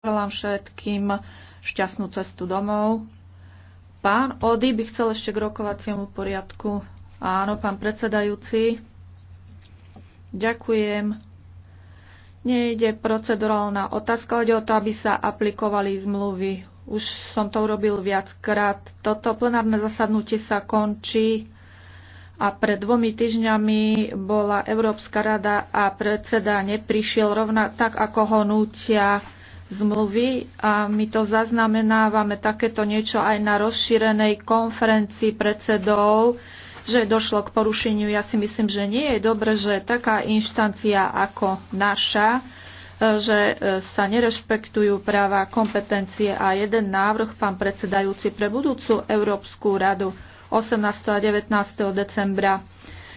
Želám všetkým šťastnú cestu domov. Pán Ody by chcel ešte k rokovaciemu poriadku. Áno, pán predsedajúci. Ďakujem. Nejde procedurálna otázka, ide o to, aby sa aplikovali zmluvy. Už som to urobil viackrát. Toto plenárne zasadnutie sa končí a pred dvomi týždňami bola Európska rada a predseda neprišiel rovna tak, ako ho nútia zmluvy a my to zaznamenávame takéto niečo aj na rozšírenej konferencii predsedov, že došlo k porušeniu. Ja si myslím, že nie je dobre, že taká inštancia ako naša, e, že e, sa nerešpektujú práva kompetencie a jeden návrh, pán predsedajúci, pre budúcu Európsku radu 18. a 19. decembra,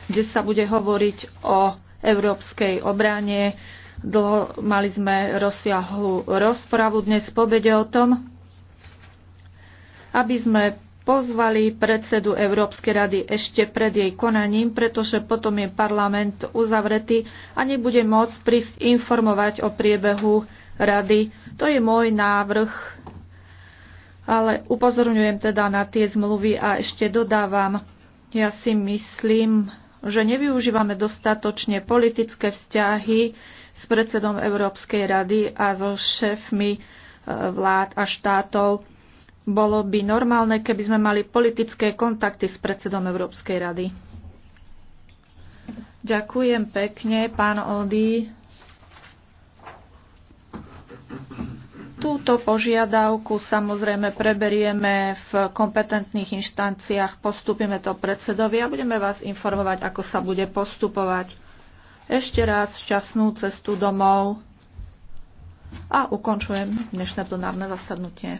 kde sa bude hovoriť o európskej obrane, Dlho mali sme rozsiahlu rozpravu dnes po o tom, aby sme pozvali predsedu Európskej rady ešte pred jej konaním, pretože potom je parlament uzavretý a nebude môcť prísť informovať o priebehu rady. To je môj návrh, ale upozorňujem teda na tie zmluvy a ešte dodávam, ja si myslím, že nevyužívame dostatočne politické vzťahy s predsedom Európskej rady a so šéfmi e, vlád a štátov. Bolo by normálne, keby sme mali politické kontakty s predsedom Európskej rady. Ďakujem pekne, pán Ody. Túto požiadavku samozrejme preberieme v kompetentných inštanciách, postupíme to predsedovi a budeme vás informovať, ako sa bude postupovať. Ešte raz šťastnú cestu domov a ukončujem dnešné plenárne zasadnutie.